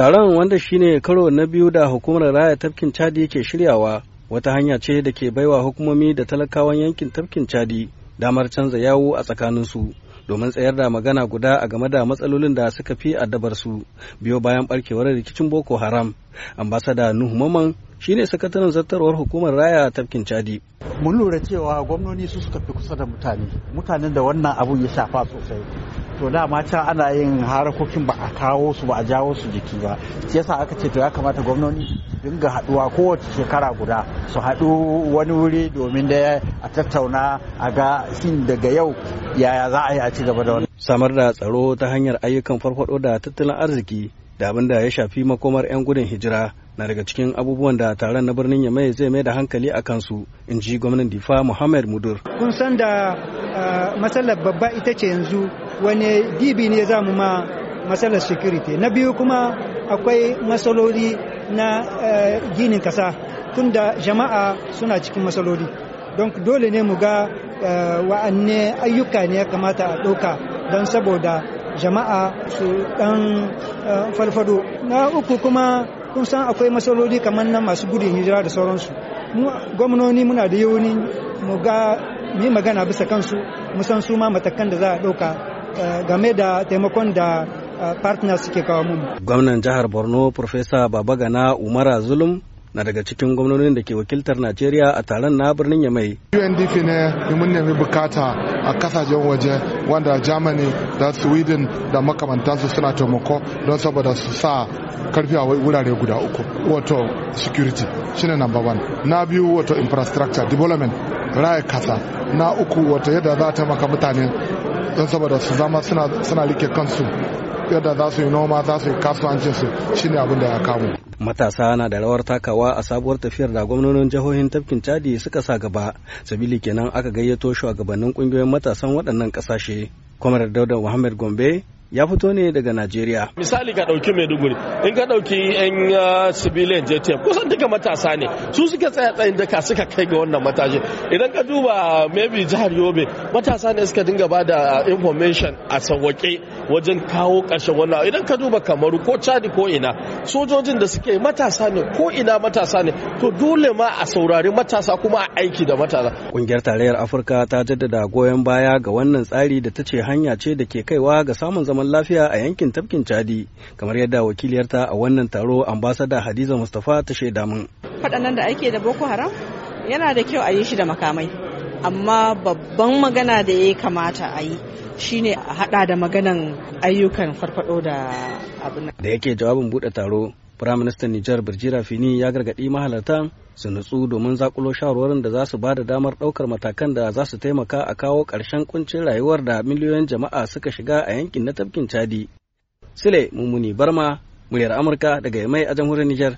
Taron wanda shine karo na biyu da hukumar raya tafkin Chadi ke shiryawa wata hanya ce da ke baiwa hukumomi da talakawan yankin tafkin Chadi damar canza yawo a tsakaninsu domin tsayar da magana guda a game da matsalolin da suka fi addabar su biyo bayan barkewar rikicin Boko Haram. Ambasada Nuhu Maman shine sakataren zartarwar hukumar raya tafkin Chadi. Mun lura cewa gwamnoni su suka fi kusa da mutane, mutanen da wannan abun ya shafa sosai. to dama can ana yin harakokin ba a kawo su ba a jawo su jiki ba shi yasa aka ce to ya kamata gwamnoni dinga haɗuwa kowace shekara guda su haɗu wani wuri domin da a tattauna a ga shin daga yau yaya za a yi a ci gaba da wannan samar da tsaro ta hanyar ayyukan farfado da tattalin arziki da abin da ya shafi makomar 'yan gudun hijira na daga cikin abubuwan da taron na birnin yamai zai mai da hankali a kansu in ji gwamnan difa muhammad mudur kun san da eh, matsalar babba ita ce yanzu wani gibi ne za mu ma matsalar security na biyu kuma akwai matsaloli na eh, ginin kasa tunda jama'a suna cikin matsaloli don dole ne mu ga eh, wa'anne ayyuka ne ya kamata a ɗauka don saboda jama'a su ɗan eh, farfado na uku kuma kun san akwai matsaloli kamar nan masu gudun hijira da sauransu gwamnoni muna da yawunin mu ga mu magana bisa kansu musan san su ma matakan da za a ɗauka Eh, game da taimakon da eh, partner suke kawo mu. Gwamnan jihar Borno Profesa Babagana Umara Zulum na daga cikin gwamnonin da ke wakiltar Najeriya a taron na birnin Yamai. UNDP ne mun nemi bukata a kasashen waje wanda Germany da Sweden da makamantansu suna taimako don saboda su sa karfi a wurare guda uku. Wato security shine number one. Na biyu wato infrastructure development raya kasa. Na uku wato yadda za ta maka mutane don saboda su zama suna rike kansu yadda za su yi noma za su yi kasuwancinsu shine abin da ya kamu matasa na da rawar takawa a sabuwar tafiyar da gwamnonin jihohin tafkin chadi suka sa gaba sabili kenan aka gayyato shugabannin kungiyoyin matasan waɗannan ƙasashe kwamar dauda muhammad gombe ya fito ne daga Najeriya. Misali ka ɗauki Maiduguri, in ka ɗauki 'yan uh, civilian JTF kusan duka matasa ne, su suke tsaya tsayin daka suka kai ga wannan mataje. Idan ka duba uh, maybe jihar Yobe, matasa ne suka dinga ba da uh, information a sawake wajen kawo ƙarshen wannan. Idan ka duba Kamaru ko Chadi ko ina, sojojin da suke matasa ne ko ina matasa ne, to dole ma a saurari matasa kuma a aiki da matasa. Ƙungiyar Tarayyar Afirka ta jaddada goyon baya ga wannan tsari da ta ce hanya ce da ke kaiwa ga samun zama. zaman lafiya a yankin tafkin Chadi kamar yadda wakiliyarta a wannan taro ambasada Hadiza Mustafa ta shaida min. Faɗannan da ake da Boko Haram yana da kyau a yi shi da makamai amma babban magana da ya kamata a yi shine a hada da maganan ayyukan farfado da abin da yake jawabin bude taro Firaministan Nijar Birjira Fini ya gargaɗi mahalarta su nutsu domin zakulo shawarwarin da za su ba da damar ɗaukar matakan da za su taimaka a kawo ƙarshen kuncin rayuwar da miliyoyin jama'a suka shiga a yankin na tafkin Chadi. sile Mummuni Barma, muryar Amurka daga Yamai a jamhuriyar Nijar.